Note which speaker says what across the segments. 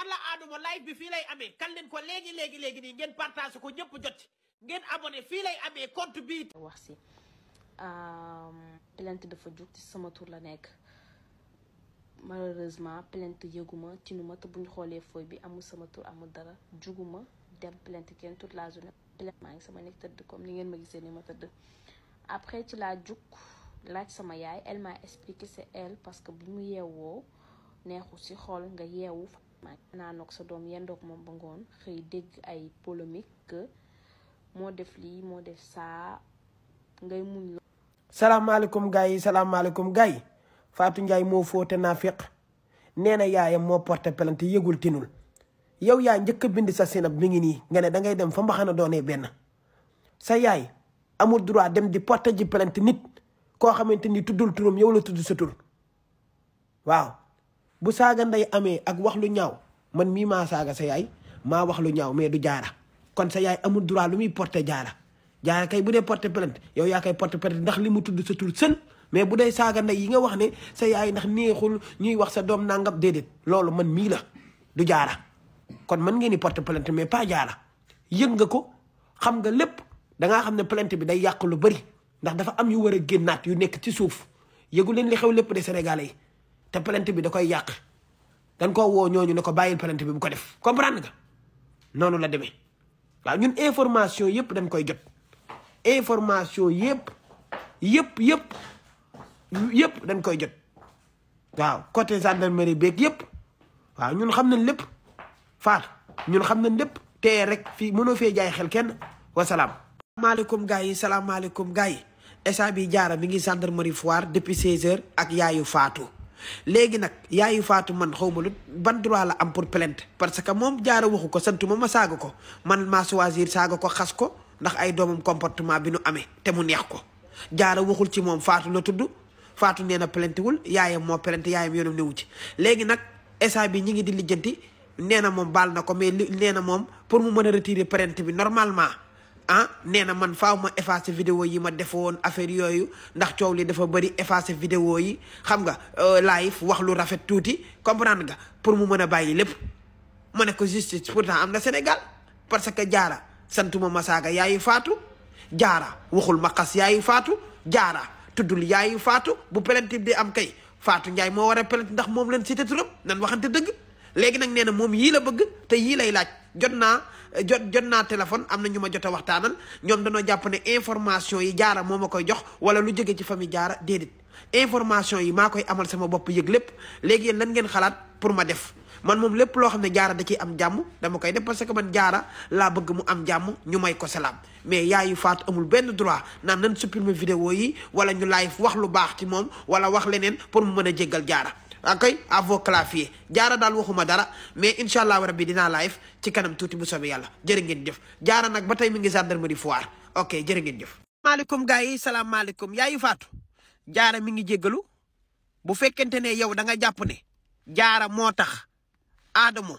Speaker 1: alla aaduma live bi fii lay amee kan leen ko léegi léegi léegi nii ngeen partage ko ñëpp jot ngeen abonné fii lay amee compte
Speaker 2: bi wax si plainte dafa jug ci sama tour la nekk malheureusement plainte yëguma tinuma te buñ xoolee fooy bi amul sama tour amul dara juguma dem plainte kenn tout la journée plainte maa ngi sama nekk tëdd comme ni ngeen ma gisee ni ma tëdd après ci laa jug laaj sama yaay elle m'a expliqué c'est elle parce que bu mu yeewoo neexu ci xool nga yeewu naanoog sa doom yendoog moom ba ngoon xëy dégg ay polémique moo def lii moo def saa ngay muñ lo
Speaker 1: salaamaaleykum gars yi salaamaaleykum gars yi Fatou Ndiaye moo fóote naafiq nee na yaayam moo porté plainte yëgul tinul yow yaa njëkk a bind sa sinab mi ngi nii nga ne da ngay dem fa mbaxana doonee benn sa yaay amul droit dem di porté ji plainte nit koo xamante ni tuddul turam yow la tudd sa tur waaw bu saaga ndey amee ak wax lu ñaaw man mii maa saaga sa yaay maa wax lu ñaaw mais du jaara kon sa yaay amul droit lu muy porter jaara jaara kay bu dee porter plainte yow yaa koy porter plainte ndax li mu tudd sa tur sën mais bu dee saaga ndey yi nga wax ne sa yaay ndax neexul ñuy wax sa doom nangam déedéet loolu man mii la du jaara kon man ngeen di porter plainte mais pas jaara yëg nga ko xam nga lépp dangaa xam ne plainte bi day yàq lu bëri ndax dafa am yu war a génnaat yu nekk ci suuf yëgu leen li xew lépp de Sénégalais yi te plainte bi da koy yàq dañ koo woo ñooñu ne ko bàyyil plainte bi bu ko def comprendre nga noonu la demee waaw ñun information yëpp dañ koy jot information yëpp yëpp yëpp yëpp dañ koy jot waaw côté gendarmerie beeg yëpp waaw ñun xam nañ lépp faat ñun xam nañ lépp te rek fii mënoo fee jaay xel kenn wasalaam. maaleykum gars yi salaamaaleykum gars yi instant bi jaara mi ngi gendarmerie foire depuis 16 heures ak yaayu faatu. léegi nag yaayu faatu man xaw ma lu ban droit la am pour plainte parce que moom jaara waxu ko santu ma ma saaga ko man maa choisir saaga ko xas ko ndax ay doomam comportement bi nu amee te mu neex ko jaara waxul ci moom faatu la tudd faatu nee na plainte wul yaayam moo plainte yaayam yoonam newu ci léegi nag esa bi ñi ngi di lijjanti nee na moom baal na ko mais li nee na moom pour mu mën a retirer plainte bi normalement ah nee na man faaw ma effacé vidéo yi ma defoon affaire yooyu ndax coow li dafa bëri effacé vidéo yi xam nga euh, live wax lu rafet tuuti comprendre nga pour mu mën a bàyyi lépp ma ne ko justice pourtant am na Sénégal parce que jaara santuma masaaga yaayu faatu jaara waxul maqas yaayu faatu jaara tuddul yaayu faatu bu plainte bi am kay faatu Njaay moo war a plainte ndax moom leen cité turam nan waxante dëgg léegi nag nee na moom yii la bëgg te yii lay laaj jot naa jot jot naa téléphone am na ñu ma jot a waxtaanal ñoom dañoo jàpp ne information yi jaara moom a koy jox wala lu jóge ci famille jaara déedéet information yi maa koy amal sama bopp yëg lépp léegi yéen lan ngeen xalaat pour ma def man moom lépp loo xam ne jaara da ciy am jàmm dama koy parce que man jaara laa bëgg mu am jàmm ñu may ko salaam mais yaayu faatu amul benn droit naan nan supprimer vidéo yi wala ñu live wax lu baax ci moom wala wax leneen pour mu mën a jéggal jaara akay à vos claviers jaara daal waxuma dara mais incha allahu rabbi dinaa live ci kanam tuuti bu soobee yàlla jërë ngeen jëf jaara nag ba tey mi ngi gendarmerie foire ok jërë ngeen jëf. maaleykum gars yi salaamaaleykum yaayu faatu jaara mi ngi jéggalu bu fekkente ne yow da nga jàpp ne jaara moo tax Adamo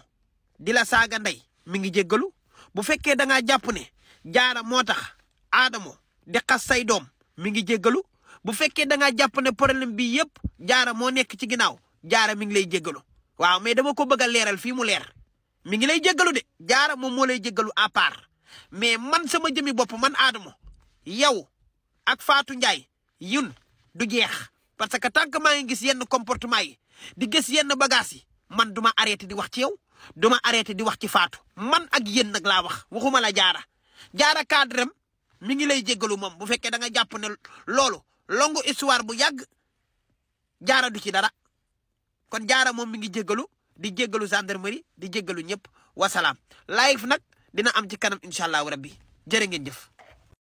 Speaker 1: di la saaga ndey mi ngi jéggalu bu fekkee da ngaa jàpp ne jaara moo tax Adamo di say doom mi ngi jéggalu bu fekkee da ngaa jàpp ne problème bi yëpp jaara moo nekk ci ginnaaw. jaara mi ngi lay jéggalu waaw mais dama ko bëgg a leeral fii mu leer mi ngi lay jéggalu de jaara moom moo lay jéggalu à part mais man sama jëmi bopp man Adamo yow ak Fatou Ndiaye yun du jeex parce que tant que maa ngi gis yenn comportement yi di gis yenn bagages yi man duma arrêté di wax ci yow duma arrêté di wax ci Fatou man ak yen nag laa wax waxuma a jaara jaara cadrem mi ngi lay jéggalu moom bu fekkee da nga jàpp ne loolu longu histoire bu yàgg jaara du ci dara kon jaara moom mi ngi jéggalu di jéggalu gendarmerie di jéggalu ñëpp wasalaam live nag dina am ci kanam incha allahu rabbi jërë ngeen jëf